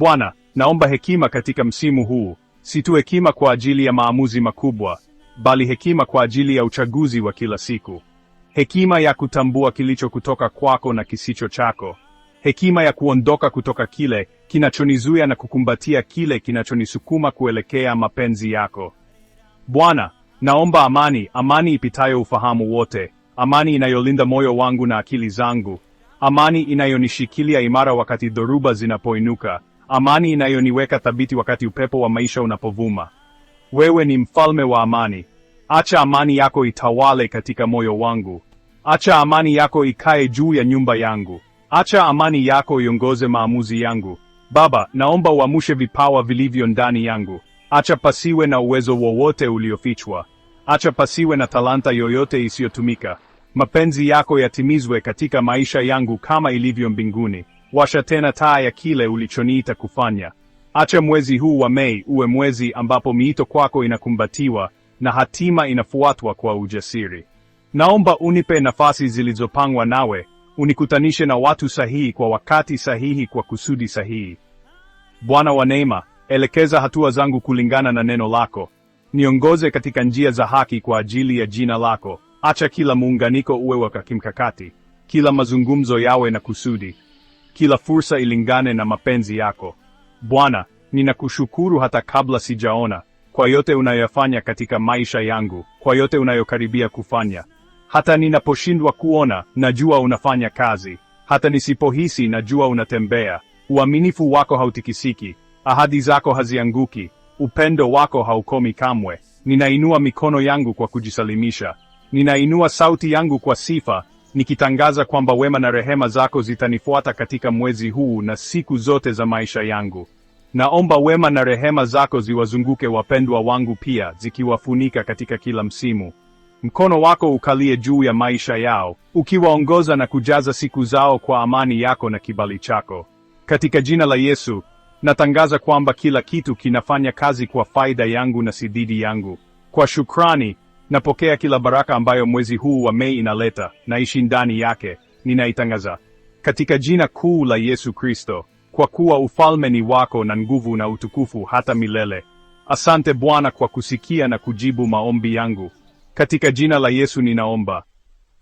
Bwana, naomba hekima katika msimu huu, si tu hekima kwa ajili ya maamuzi makubwa, bali hekima kwa ajili ya uchaguzi wa kila siku, hekima ya kutambua kilicho kutoka kwako na kisicho chako, hekima ya kuondoka kutoka kile kinachonizuia na kukumbatia kile kinachonisukuma kuelekea mapenzi yako. Bwana, naomba amani, amani ipitayo ufahamu wote, amani inayolinda moyo wangu na akili zangu, amani inayonishikilia imara wakati dhoruba zinapoinuka, amani inayoniweka thabiti wakati upepo wa maisha unapovuma. Wewe ni mfalme wa amani. Acha amani yako itawale katika moyo wangu. Acha amani yako ikae juu ya nyumba yangu. Acha amani yako iongoze maamuzi yangu. Baba, naomba uamushe vipawa vilivyo ndani yangu. Acha pasiwe na uwezo wowote uliofichwa. Acha pasiwe na talanta yoyote isiyotumika. Mapenzi yako yatimizwe katika maisha yangu kama ilivyo mbinguni. Washa tena taa ya kile ulichoniita kufanya. Acha mwezi huu wa Mei uwe mwezi ambapo miito kwako inakumbatiwa na hatima inafuatwa kwa ujasiri. Naomba unipe nafasi zilizopangwa nawe, unikutanishe na watu sahihi kwa wakati sahihi kwa kusudi sahihi. Bwana wa neema, elekeza hatua zangu kulingana na neno lako. Niongoze katika njia za haki kwa ajili ya jina lako. Acha kila muunganiko uwe wa kimkakati, kila mazungumzo yawe na kusudi kila fursa ilingane na mapenzi yako. Bwana, ninakushukuru hata kabla sijaona, kwa yote unayofanya katika maisha yangu, kwa yote unayokaribia kufanya. Hata ninaposhindwa kuona, najua unafanya kazi. Hata nisipohisi, najua unatembea. Uaminifu wako hautikisiki, ahadi zako hazianguki, upendo wako haukomi kamwe. Ninainua mikono yangu kwa kujisalimisha, ninainua sauti yangu kwa sifa, nikitangaza kwamba wema na rehema zako zitanifuata katika mwezi huu na siku zote za maisha yangu. Naomba wema na rehema zako ziwazunguke wapendwa wangu pia, zikiwafunika katika kila msimu. Mkono wako ukalie juu ya maisha yao, ukiwaongoza na kujaza siku zao kwa amani yako na kibali chako. Katika jina la Yesu, natangaza kwamba kila kitu kinafanya kazi kwa faida yangu na si dhidi yangu. Kwa shukrani Napokea kila baraka ambayo mwezi huu wa Mei inaleta, naishi ndani yake, ninaitangaza katika jina kuu la Yesu Kristo, kwa kuwa ufalme ni wako na nguvu na utukufu hata milele. Asante Bwana kwa kusikia na kujibu maombi yangu. Katika jina la Yesu ninaomba.